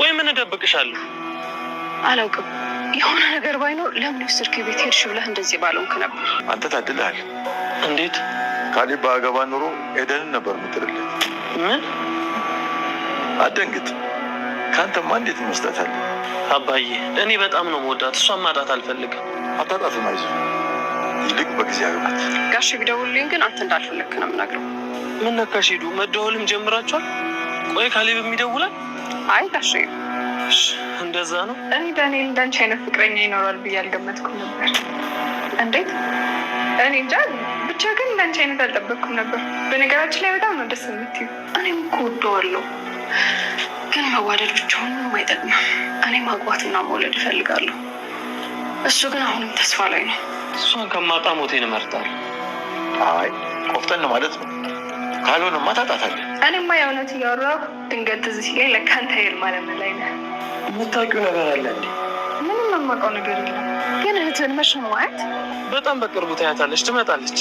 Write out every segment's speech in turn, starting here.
ቆይ ምን እደብቅሻለሁ? አላውቅም። የሆነ ነገር ባይኖር ለምን ስልክ ቤት ሄድሽ ብለህ እንደዚህ ባለውንክ ነበር። አንተ ታድልሃል። እንዴት ካሌብ በአገባ ኑሮ ኤደንን ነበር ምትርለት። ምን አደንግጥ። ከአንተማ እንዴት መስጠታል አባዬ እኔ በጣም ነው መወዳት፣ እሷን ማጣት አልፈልግም። አታጣትም፣ አይዞህ። ይልቅ በጊዜ አግባት። ጋሽ ግን አንተ እንዳልፈለግክ ነው የምነግረው። ምን ነካሽ? ሄዱ መደወልም ጀምራችኋል። ቆይ ካሌብ የሚደውላል? አይ ጋሼ እንደዛ ነው። እኔ ዳንኤል እንዳንቺ አይነት ፍቅረኛ ይኖራል ብዬ አልገመትኩም ነበር። እንዴት? እኔ እንጃ ብቻ ግን እንዳንቺ አይነት አልጠበቅኩም ነበር። በነገራችን ላይ በጣም ነው ደስ የምትዩ። እኔም እኮ ወደዋለሁ፣ ግን መዋደድ ብቻውን አይጠቅምም። እኔ ማግባትና መውለድ እፈልጋለሁ። እሱ ግን አሁንም ተስፋ ላይ ነው። እሷን ከማጣ ሞቴን እመርጣለሁ። አይ ቆፍጠን ማለት ነው ካልሆነማ ታጣታለህ። እኔማ የእውነት እያወራሁ ድንገት እዚህ ሲገኝ ለካ አንተ ይልማለም ላይ ነህ። የምታውቂው ነገር አለ እንዴ? ምንም የማውቀው ነገር የለም። ግን እህትህን መቼ ነው ማየት? በጣም በቅርቡ ታያታለች፣ ትመጣለች።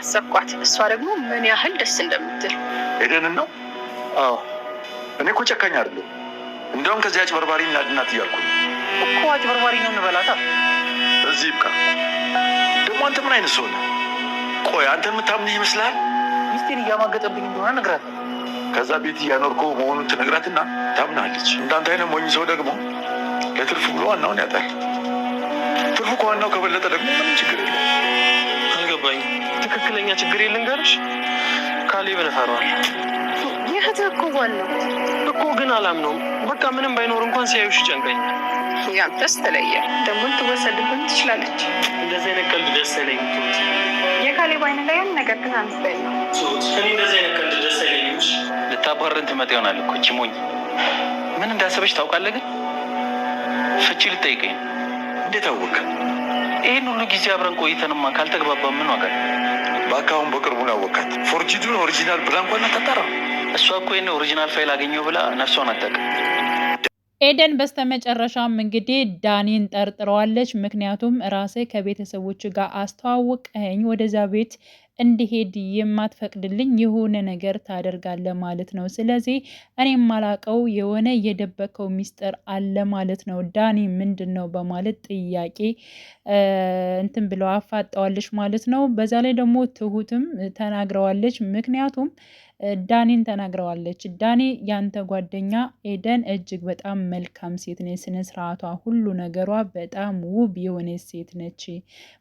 አሰብኳት። እሷ ደግሞ ምን ያህል ደስ እንደምትል ሄደንን ነው። አዎ እኔ እኮ ጨካኝ አይደለሁ። እንደውም ከዚህ አጭበርባሪ እናድናት እያልኩ እኮ። አጭበርባሪ ነው እንበላታ። እዚህ ይብቃ። ደግሞ አንተ ምን አይነት ሰው ነህ? ቆይ አንተ የምታምን ይመስላል ሚስቴን እያማገጠብኝ እንደሆነ ነግራት ከዛ ቤት እያኖርከው መሆኑን ትነግራትና ታምናለች። እንዳንተ አይነት ሞኝ ሰው ደግሞ ለትርፉ ብሎ ዋናውን ያጣል። ትርፉ ከዋናው ከበለጠ ደግሞ ምንም ችግር የለም። አልገባኝ። ትክክለኛ ችግር የለን ጋርሽ ካሌብ ነፈረዋል። እኮ ዋናው እኮ ግን አላምነውም። በቃ ምንም ባይኖር እንኳን ሲያዩሽ ጨንቀኝ። ደስ ተለየ። ደግሞ ልትወሰድብን ትችላለች። እንደዚህ አይነት ቀልድ ደስ አይለኝም። የካሌብ ነገር ግን አንስተኛ ልታባረን ትመጣ ይሆናል እኮ ሞኝ። ምን እንዳሰበች ታውቃለህ? ግን ፍቺ ልጠይቀኝ። እንዴት አወቅ? ይህን ሁሉ ጊዜ አብረን ቆይተንማ ካልተግባባ ምን ዋጋ? በአካሁን በቅርቡ ነው ያወቃት። ፎርጂዱን ኦሪጂናል ብላ እንኳን አታጣራ። እሷ እኮ ይህን ኦሪጂናል ፋይል አገኘው ብላ ነፍሷን አታውቅም። ኤደን በስተመጨረሻም እንግዲህ ዳኒን ጠርጥረዋለች። ምክንያቱም ራሴ ከቤተሰቦች ጋር አስተዋውቀኝ ወደዚያ ቤት እንዲሄድ የማትፈቅድልኝ የሆነ ነገር ታደርጋለ ማለት ነው። ስለዚህ እኔ ማላቀው የሆነ የደበከው ሚስጥር አለ ማለት ነው። ዳኒ ምንድን ነው በማለት ጥያቄ እንትን ብለው አፋጠዋለች ማለት ነው። በዛ ላይ ደግሞ ትሁትም ተናግረዋለች። ምክንያቱም ዳኔን ተናግረዋለች። ዳኔ ያንተ ጓደኛ ኤደን እጅግ በጣም መልካም ሴት ነች። ስነ ስርዓቷ፣ ሁሉ ነገሯ በጣም ውብ የሆነች ሴት ነች።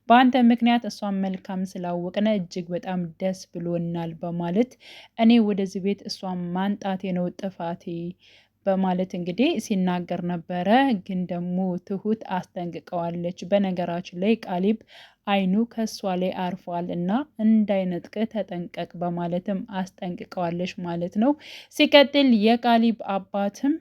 በአንተ ምክንያት እሷን መልካም ስላወቅነ እጅግ በጣም ደስ ብሎናል በማለት እኔ ወደዚህ ቤት እሷን ማንጣቴ ነው ጥፋቴ በማለት እንግዲህ ሲናገር ነበረ። ግን ደግሞ ትሁት አስጠንቅቀዋለች። በነገራችን ላይ ቃሊብ አይኑ ከሷ ላይ አርፏል እና እንዳይነጥቅ ተጠንቀቅ በማለትም አስጠንቅቀዋለች ማለት ነው። ሲቀጥል የቃሊብ አባትም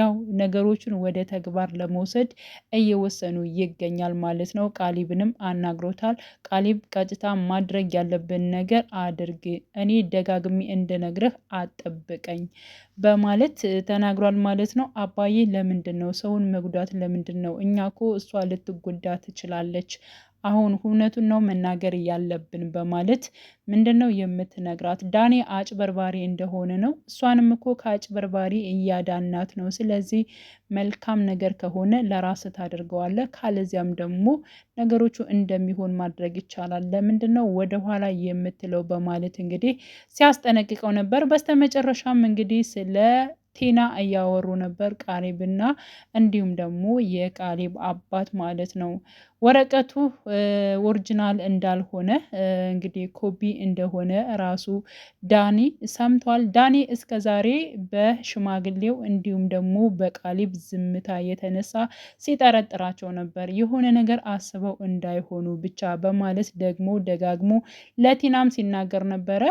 ያው ነገሮችን ወደ ተግባር ለመውሰድ እየወሰኑ ይገኛል ማለት ነው። ቃሊብንም አናግሮታል። ቃሊብ ቀጥታ ማድረግ ያለብን ነገር አድርግ፣ እኔ ደጋግሜ እንድነግርህ አጠብቀኝ በማለት ተናግሯል ማለት ነው። አባዬ ለምንድን ነው ሰውን መጉዳት? ለምንድን ነው እኛ ኮ እሷ ልትጎዳ ትችላለች አሁን እውነቱን ነው መናገር እያለብን በማለት ምንድን ነው የምትነግራት? ዳኔ አጭበርባሪ እንደሆነ ነው። እሷንም እኮ ከአጭበርባሪ እያዳናት ነው። ስለዚህ መልካም ነገር ከሆነ ለራስ ታደርገዋለ፣ ካለዚያም ደግሞ ነገሮቹ እንደሚሆን ማድረግ ይቻላል። ለምንድን ነው ወደኋላ የምትለው? በማለት እንግዲህ ሲያስጠነቅቀው ነበር። በስተመጨረሻም እንግዲህ ስለ ቴና እያወሩ ነበር። ቃሪብና እንዲሁም ደግሞ የቃሪብ አባት ማለት ነው። ወረቀቱ ኦሪጂናል እንዳልሆነ እንግዲህ ኮፒ እንደሆነ ራሱ ዳኒ ሰምቷል። ዳኒ እስከ ዛሬ በሽማግሌው እንዲሁም ደግሞ በቃሊብ ዝምታ የተነሳ ሲጠረጥራቸው ነበር። የሆነ ነገር አስበው እንዳይሆኑ ብቻ በማለት ደግሞ ደጋግሞ ለቲናም ሲናገር ነበረ።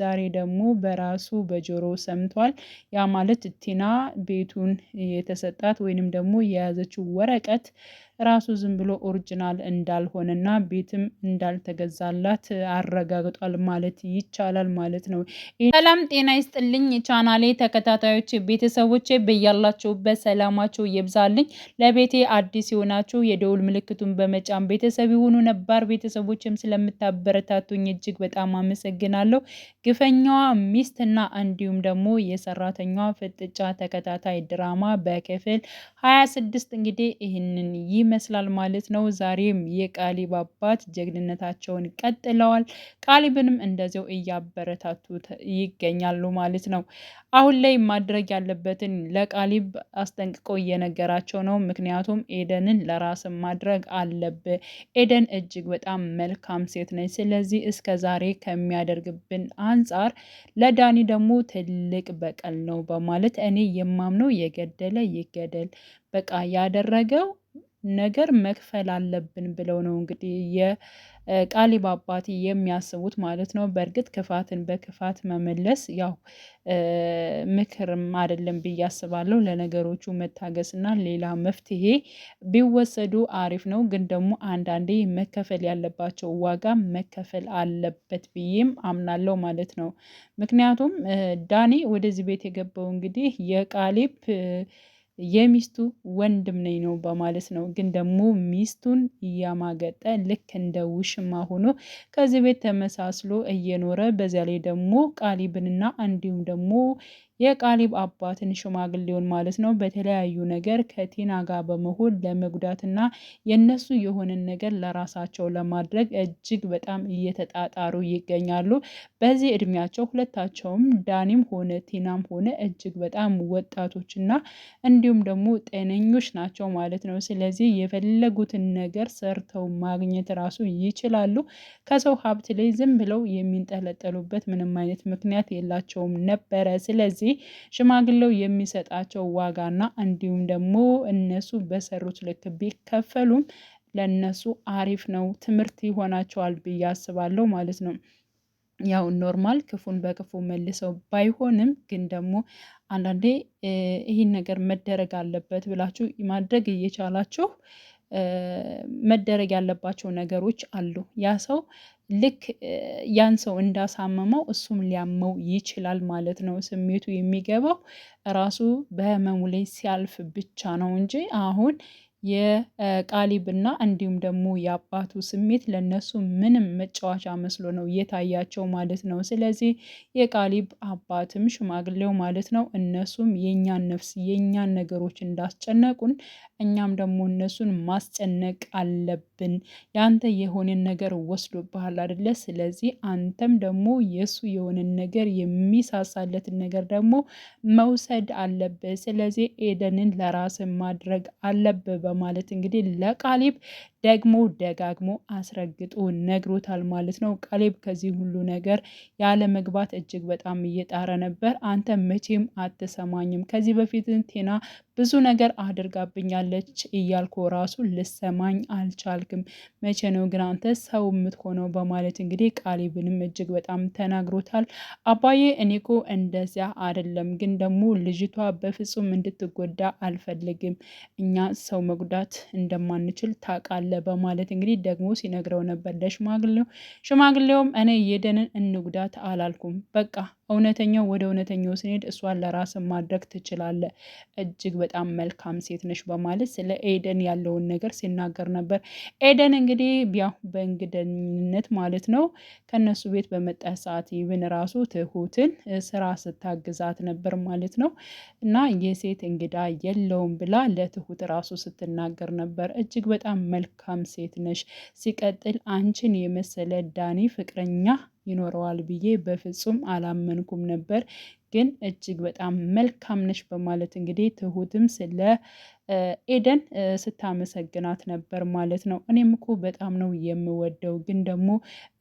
ዛሬ ደግሞ በራሱ በጆሮ ሰምቷል። ያ ማለት ቲና ቤቱን የተሰጣት ወይንም ደግሞ የያዘችው ወረቀት ራሱ ዝም ብሎ ኦሪጂናል እንዳልሆነና ቤትም እንዳልተገዛላት አረጋግጧል ማለት ይቻላል ማለት ነው። ሰላም ጤና ይስጥልኝ ቻናሌ ተከታታዮች ቤተሰቦቼ በያላችሁበት ሰላማችሁ ይብዛልኝ። ለቤቴ አዲስ የሆናችሁ የደውል ምልክቱን በመጫን ቤተሰብ የሆኑ ነባር ቤተሰቦችም ስለምታበረታቱኝ እጅግ በጣም አመሰግናለሁ። ግፈኛዋ ሚስትና እንዲሁም ደግሞ የሰራተኛዋ ፍጥጫ ተከታታይ ድራማ በክፍል ሀያ ስድስት እንግዲህ ይህንን ይመስላል ማለት ነው። ዛሬም የቃሊብ አባት ጀግንነታቸውን ቀጥለዋል። ቃሊብንም እንደዚው እያበረታቱ ይገኛሉ ማለት ነው። አሁን ላይ ማድረግ ያለበትን ለቃሊብ አስጠንቅቆ እየነገራቸው ነው። ምክንያቱም ኤደንን ለራስ ማድረግ አለብ። ኤደን እጅግ በጣም መልካም ሴት ነች። ስለዚህ እስከ ዛሬ ከሚያደርግብን አንጻር ለዳኒ ደግሞ ትልቅ በቀል ነው በማለት እኔ የማምነው የገደለ ይገደል በቃ ያደረገው ነገር መክፈል አለብን ብለው ነው እንግዲህ የቃሊብ አባት የሚያስቡት ማለት ነው። በእርግጥ ክፋትን በክፋት መመለስ ያው ምክርም አይደለም ብዬ አስባለሁ። ለነገሮቹ መታገስና ሌላ መፍትሄ ቢወሰዱ አሪፍ ነው። ግን ደግሞ አንዳንዴ መከፈል ያለባቸው ዋጋ መከፈል አለበት ብዬም አምናለሁ ማለት ነው። ምክንያቱም ዳኒ ወደዚህ ቤት የገባው እንግዲህ የቃሊብ የሚስቱ ወንድም ነኝ ነው በማለት ነው። ግን ደግሞ ሚስቱን እያማገጠ ልክ እንደ ውሽማ ሆኖ ከዚህ ቤት ተመሳስሎ እየኖረ በዚያ ላይ ደግሞ ቃሊብንና እንዲሁም ደግሞ የቃሊብ አባትን ሽማግሌውን ማለት ነው በተለያዩ ነገር ከቲና ጋር በመሆን ለመጉዳትና የነሱ የሆነን ነገር ለራሳቸው ለማድረግ እጅግ በጣም እየተጣጣሩ ይገኛሉ። በዚህ እድሜያቸው ሁለታቸውም ዳኒም ሆነ ቲናም ሆነ እጅግ በጣም ወጣቶችና እንዲሁም ደግሞ ጤነኞች ናቸው ማለት ነው። ስለዚህ የፈለጉትን ነገር ሰርተው ማግኘት ራሱ ይችላሉ። ከሰው ሀብት ላይ ዝም ብለው የሚንጠለጠሉበት ምንም አይነት ምክንያት የላቸውም ነበረ። ስለዚህ ስለዚህ ሽማግሌው የሚሰጣቸው ዋጋና እንዲሁም ደግሞ እነሱ በሰሩት ልክ ቢከፈሉም ለእነሱ አሪፍ ነው፣ ትምህርት ይሆናቸዋል ብዬ አስባለሁ ማለት ነው። ያው ኖርማል ክፉን በክፉ መልሰው ባይሆንም ግን ደግሞ አንዳንዴ ይህን ነገር መደረግ አለበት ብላችሁ ማድረግ እየቻላችሁ መደረግ ያለባቸው ነገሮች አሉ። ያ ሰው ልክ ያን ሰው እንዳሳመመው እሱም ሊያመው ይችላል ማለት ነው። ስሜቱ የሚገባው ራሱ በህመሙ ላይ ሲያልፍ ብቻ ነው እንጂ አሁን የቃሊብና እንዲሁም ደግሞ የአባቱ ስሜት ለነሱ ምንም መጫወቻ መስሎ ነው የታያቸው ማለት ነው። ስለዚህ የቃሊብ አባትም ሽማግሌው ማለት ነው እነሱም የእኛን ነፍስ የእኛን ነገሮች እንዳስጨነቁን እኛም ደግሞ እነሱን ማስጨነቅ አለብን። የአንተ የሆነን ነገር ወስዶብሃል አይደለ? ስለዚህ አንተም ደግሞ የእሱ የሆነን ነገር የሚሳሳለትን ነገር ደግሞ መውሰድ አለብህ። ስለዚህ ኤደንን ለራስ ማድረግ አለብህ በማለት እንግዲህ ለቃሊብ ደግሞ ደጋግሞ አስረግጦ ነግሮታል ማለት ነው። ቀሌብ ከዚህ ሁሉ ነገር ያለመግባት እጅግ በጣም እየጣረ ነበር። አንተ መቼም አትሰማኝም፣ ከዚህ በፊት ቴና ብዙ ነገር አድርጋብኛለች እያልኩ ራሱ ልሰማኝ አልቻልክም፣ መቼ ነው ግን አንተ ሰው የምትሆነው? በማለት እንግዲህ ቃሊብንም እጅግ በጣም ተናግሮታል። አባዬ እኔ እኮ እንደዚያ አይደለም፣ ግን ደግሞ ልጅቷ በፍጹም እንድትጎዳ አልፈልግም። እኛ ሰው መጉዳት እንደማንችል ታውቃለህ በማለት እንግዲህ ደግሞ ሲነግረው ነበር ለሽማግሌው። ሽማግሌውም እኔ የደንን እንጉዳት አላልኩም፣ በቃ እውነተኛው ወደ እውነተኛው ስንሄድ እሷን ለራስን ማድረግ ትችላለ እጅግ በጣም መልካም ሴት ነች በማለት ስለ ኤደን ያለውን ነገር ሲናገር ነበር። ኤደን እንግዲህ ቢያው በእንግደኝነት ማለት ነው ከነሱ ቤት በመጣ ሰዓት ይብን ራሱ ትሁትን ስራ ስታግዛት ነበር ማለት ነው። እና የሴት እንግዳ የለውም ብላ ለትሁት ራሱ ስትናገር ነበር። እጅግ በጣም መልካም ሴት ነች። ሲቀጥል አንቺን የመሰለ ዳኒ ፍቅረኛ ይኖረዋል ብዬ በፍጹም አላመንኩም ነበር። ግን እጅግ በጣም መልካም ነሽ በማለት እንግዲህ ትሁትም ስለ ኤደን ስታመሰግናት ነበር ማለት ነው። እኔም እኮ በጣም ነው የምወደው፣ ግን ደግሞ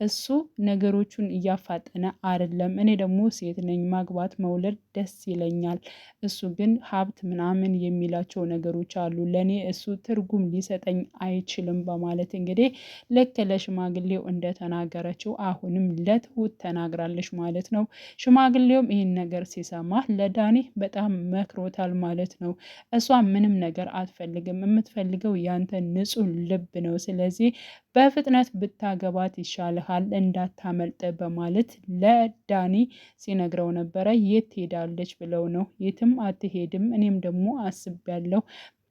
እሱ ነገሮቹን እያፋጠነ አይደለም። እኔ ደግሞ ሴት ነኝ፣ ማግባት መውለድ ደስ ይለኛል። እሱ ግን ሀብት ምናምን የሚላቸው ነገሮች አሉ፣ ለእኔ እሱ ትርጉም ሊሰጠኝ አይችልም በማለት እንግዲህ ልክ ለሽማግሌው እንደተናገረችው አሁንም ለትሁት ተናግራለች ማለት ነው። ሽማግሌውም ይህን ነገር ሲሰማ ለዳኒ በጣም መክሮታል ማለት ነው። እሷ ምንም ነገር ነገር አትፈልግም። የምትፈልገው ያንተ ንጹህ ልብ ነው። ስለዚህ በፍጥነት ብታገባት ይሻልሃል፣ እንዳታመልጥ በማለት ለዳኒ ሲነግረው ነበረ። የት ትሄዳለች ብለው ነው። የትም አትሄድም፣ እኔም ደግሞ አስቤያለሁ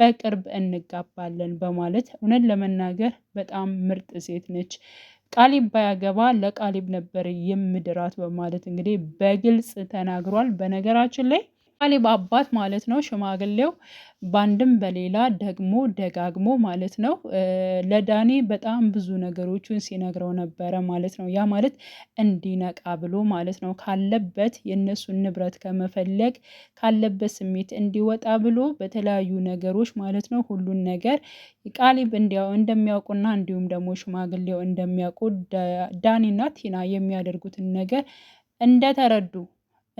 በቅርብ እንጋባለን በማለት እውነት ለመናገር በጣም ምርጥ ሴት ነች። ቃሊብ ባያገባ ለቃሊብ ነበር የምድራት በማለት እንግዲህ በግልጽ ተናግሯል። በነገራችን ላይ ቃሌብ አባት ማለት ነው ሽማግሌው በአንድም በሌላ ደግሞ ደጋግሞ ማለት ነው ለዳኔ በጣም ብዙ ነገሮችን ሲነግረው ነበረ ማለት ነው። ያ ማለት እንዲነቃ ብሎ ማለት ነው ካለበት የእነሱን ንብረት ከመፈለግ ካለበት ስሜት እንዲወጣ ብሎ በተለያዩ ነገሮች ማለት ነው ሁሉን ነገር ቃሌብ እንዲያው እንደሚያውቁና እንዲሁም ደግሞ ሽማግሌው እንደሚያውቁ ዳኒና ቲና የሚያደርጉትን ነገር እንደተረዱ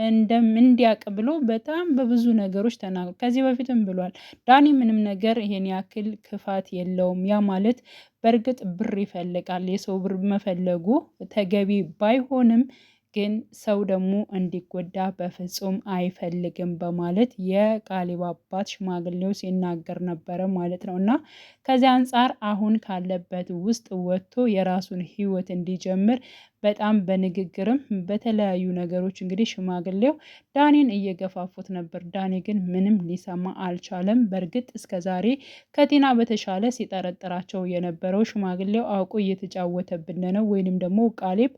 እንደም እንዲያቅ ብሎ በጣም በብዙ ነገሮች ተናግሯል። ከዚህ በፊትም ብሏል ዳኒ ምንም ነገር ይሄን ያክል ክፋት የለውም። ያ ማለት በእርግጥ ብር ይፈልጋል፣ የሰው ብር መፈለጉ ተገቢ ባይሆንም ግን ሰው ደግሞ እንዲጎዳ በፍጹም አይፈልግም በማለት የቃሊብ አባት ሽማግሌው ሲናገር ነበረ ማለት ነው። እና ከዚያ አንጻር አሁን ካለበት ውስጥ ወጥቶ የራሱን ህይወት እንዲጀምር በጣም በንግግርም በተለያዩ ነገሮች እንግዲህ ሽማግሌው ዳኒን እየገፋፉት ነበር። ዳኒ ግን ምንም ሊሰማ አልቻለም። በእርግጥ እስከ ዛሬ ከቲና በተሻለ ሲጠረጥራቸው የነበረው ሽማግሌው አውቆ እየተጫወተብን ነው ወይንም ደግሞ ቃሊብ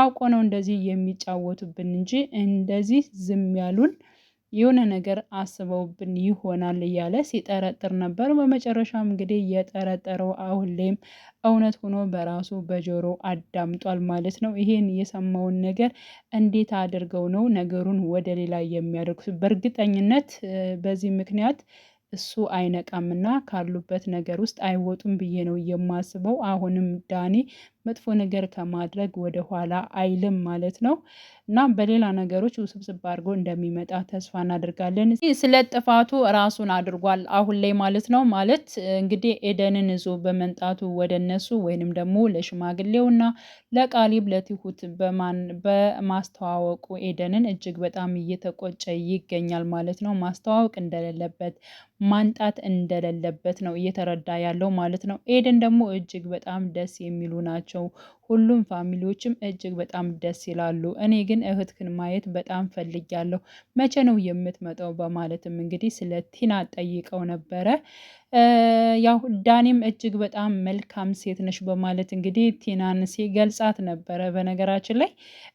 አውቆ ነው እንደዚህ የሚጫወቱብን እንጂ እንደዚህ ዝም ያሉን የሆነ ነገር አስበውብን ይሆናል እያለ ሲጠረጥር ነበር። በመጨረሻም እንግዲህ የጠረጠረው አሁን ላይም እውነት ሆኖ በራሱ በጆሮ አዳምጧል ማለት ነው። ይሄን የሰማውን ነገር እንዴት አድርገው ነው ነገሩን ወደ ሌላ የሚያደርጉት? በእርግጠኝነት በዚህ ምክንያት እሱ አይነቃምና ካሉበት ነገር ውስጥ አይወጡም ብዬ ነው የማስበው። አሁንም ዳኒ መጥፎ ነገር ከማድረግ ወደ ኋላ አይልም ማለት ነው እና በሌላ ነገሮች ውስብስብ አድርጎ እንደሚመጣ ተስፋ እናደርጋለን። ስለ ጥፋቱ ራሱን አድርጓል አሁን ላይ ማለት ነው። ማለት እንግዲህ ኤደንን ይዞ በመምጣቱ ወደ እነሱ ወይንም ደግሞ ለሽማግሌው ና ለቃሊብ ለትሁት በማስተዋወቁ ኤደንን እጅግ በጣም እየተቆጨ ይገኛል ማለት ነው። ማስተዋወቅ እንደሌለበት ማንጣት እንደሌለበት ነው እየተረዳ ያለው ማለት ነው። ኤደን ደግሞ እጅግ በጣም ደስ የሚሉ ናቸው። miłością ሁሉም ፋሚሊዎችም እጅግ በጣም ደስ ይላሉ። እኔ ግን እህትክን ማየት በጣም ፈልጊያለሁ፣ መቼ ነው የምትመጣው? በማለትም እንግዲህ ስለ ቲና ጠይቀው ነበረ። ያው ዳኔም እጅግ በጣም መልካም ሴት ነሽ በማለት እንግዲህ ቲናን ሲገልጻት ነበረ። በነገራችን ላይ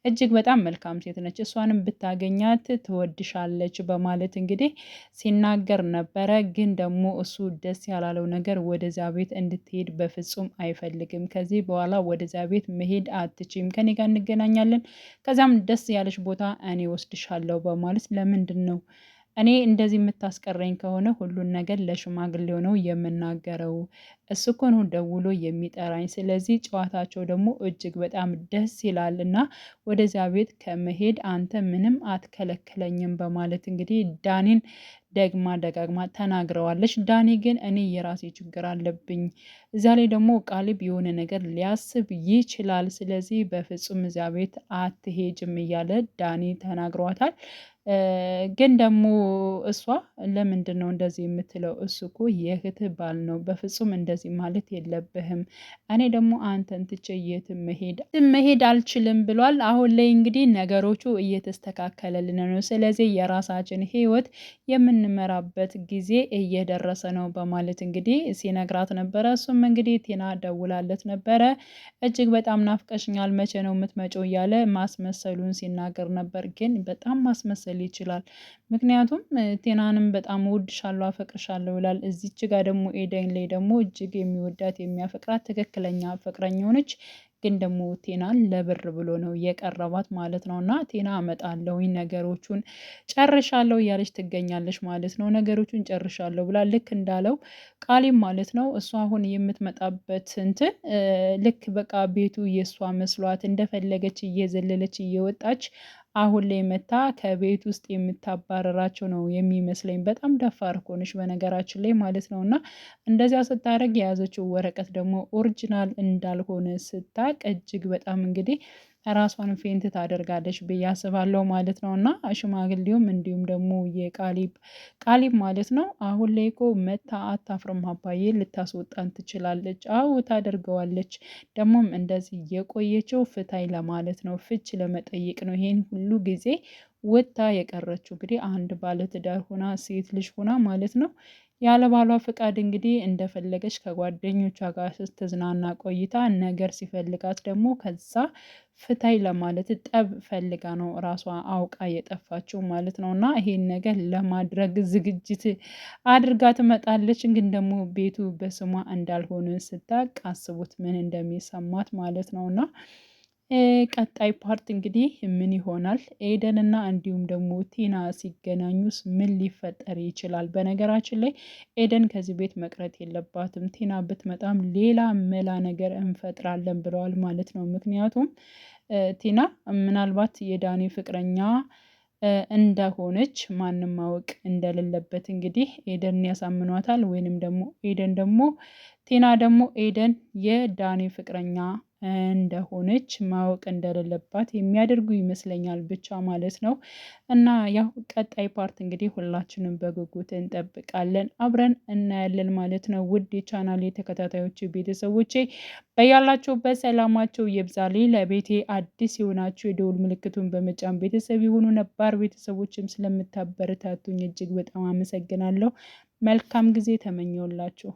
እጅግ በጣም መልካም ሴት ነች፣ እሷንም ብታገኛት ትወድሻለች በማለት እንግዲህ ሲናገር ነበረ። ግን ደግሞ እሱ ደስ ያላለው ነገር ወደዚያ ቤት እንድትሄድ በፍጹም አይፈልግም። ከዚህ በኋላ ወደዚያ ቤት ቤት መሄድ አትችም፣ ከኔ ጋር እንገናኛለን፣ ከዚያም ደስ ያለች ቦታ እኔ ወስድሻለሁ በማለት ለምንድን ነው እኔ እንደዚህ የምታስቀረኝ ከሆነ ሁሉን ነገር ለሽማግሌው ነው የምናገረው። እሱ እኮ ነው ደውሎ የሚጠራኝ። ስለዚህ ጨዋታቸው ደግሞ እጅግ በጣም ደስ ይላል እና ወደዚያ ቤት ከመሄድ አንተ ምንም አትከለክለኝም በማለት እንግዲህ ዳኒን ደግማ ደጋግማ ተናግረዋለች። ዳኒ ግን እኔ የራሴ ችግር አለብኝ፣ እዚያ ላይ ደግሞ ቃሊብ የሆነ ነገር ሊያስብ ይችላል፣ ስለዚህ በፍጹም እዚያ ቤት አትሄጅም እያለ ዳኒ ተናግሯታል። ግን ደግሞ እሷ ለምንድን ነው እንደዚህ የምትለው? እሱ እኮ የእህትህ ባል ነው፣ በፍጹም እንደዚህ ማለት የለብህም። እኔ ደግሞ አንተን ትቼ የትም መሄድ መሄድ አልችልም ብሏል። አሁን ላይ እንግዲህ ነገሮቹ እየተስተካከለልን ነው፣ ስለዚህ የራሳችን ህይወት የምንመራበት ጊዜ እየደረሰ ነው በማለት እንግዲህ ሲነግራት ነበረ። እሱም እንግዲህ ቴና ደውላለት ነበረ። እጅግ በጣም ናፍቀሽኛል፣ መቼ ነው የምትመጪው? እያለ ማስመሰሉን ሲናገር ነበር። ግን በጣም ማስመሰል ሊመስል ይችላል። ምክንያቱም ቴናንም በጣም እወድሻለሁ አፈቅርሻለሁ ይላል። እዚች ጋር ደግሞ ኤደን ላይ ደግሞ እጅግ የሚወዳት የሚያፈቅራት ትክክለኛ ፍቅረኛው ነች። ግን ደግሞ ቴናን ለብር ብሎ ነው የቀረባት ማለት ነው። እና ቴና አመጣለሁኝ ነገሮቹን ጨርሻለሁ እያለች ትገኛለች ማለት ነው። ነገሮቹን ጨርሻለሁ ብላ ልክ እንዳለው ቃሌም ማለት ነው እሷ አሁን የምትመጣበት እንትን ልክ በቃ ቤቱ የእሷ መስሏት እንደፈለገች እየዘለለች እየወጣች አሁን ላይ መታ ከቤት ውስጥ የምታባረራቸው ነው የሚመስለኝ። በጣም ደፋር ኮንሽ በነገራችን ላይ ማለት ነው። እና እንደዚያ ስታደርግ የያዘችው ወረቀት ደግሞ ኦሪጂናል እንዳልሆነ ስታቅ እጅግ በጣም እንግዲህ ራሷን ፌንት ታደርጋለች ብዬ አስባለሁ ማለት ነው። እና ሽማግሌውም እንዲሁም ደግሞ የቃሊብ ቃሊብ ማለት ነው አሁን ላይ እኮ መታ አታፍርም፣ አባዬ ልታስወጣን ትችላለች። አዎ ታደርገዋለች። ደግሞም እንደዚህ የቆየችው ፍታይ ለማለት ነው፣ ፍች ለመጠየቅ ነው። ይሄን ሁሉ ጊዜ ወጥታ የቀረችው እንግዲህ አንድ ባለትዳር ሆና ሴት ልጅ ሆና ማለት ነው ያለ ባሏ ፍቃድ እንግዲህ እንደፈለገች ከጓደኞቿ ጋር ስትዝናና ቆይታ ነገር ሲፈልጋት ደግሞ ከዛ ፍታይ ለማለት ጠብ ፈልጋ ነው ራሷ አውቃ የጠፋችው ማለት ነው። እና ይሄን ነገር ለማድረግ ዝግጅት አድርጋ ትመጣለች። ግን ደግሞ ቤቱ በስሟ እንዳልሆነ ስታቅ አስቡት ምን እንደሚሰማት ማለት ነው እና ቀጣይ ፓርት እንግዲህ ምን ይሆናል? ኤደን እና እንዲሁም ደግሞ ቲና ሲገናኙስ ምን ሊፈጠር ይችላል? በነገራችን ላይ ኤደን ከዚህ ቤት መቅረት የለባትም። ቲና ብትመጣም ሌላ መላ ነገር እንፈጥራለን ብለዋል ማለት ነው። ምክንያቱም ቲና ምናልባት የዳኒ ፍቅረኛ እንደሆነች ማንም ማወቅ እንደሌለበት እንግዲህ ኤደን ያሳምኗታል። ወይንም ደግሞ ኤደን ደግሞ ቲና ደግሞ ኤደን የዳኒ ፍቅረኛ እንደሆነች ማወቅ እንደሌለባት የሚያደርጉ ይመስለኛል ብቻ ማለት ነው። እና ያው ቀጣይ ፓርት እንግዲህ ሁላችንም በጉጉት እንጠብቃለን አብረን እናያለን ማለት ነው። ውድ የቻናሌ ተከታታዮች ቤተሰቦቼ በያላቸው በሰላማቸው የብዛሌ ለቤቴ አዲስ የሆናችሁ የደውል ምልክቱን በመጫን ቤተሰብ የሆኑ ነባር ቤተሰቦችም ስለምታበረታቱኝ እጅግ በጣም አመሰግናለሁ። መልካም ጊዜ ተመኘውላችሁ።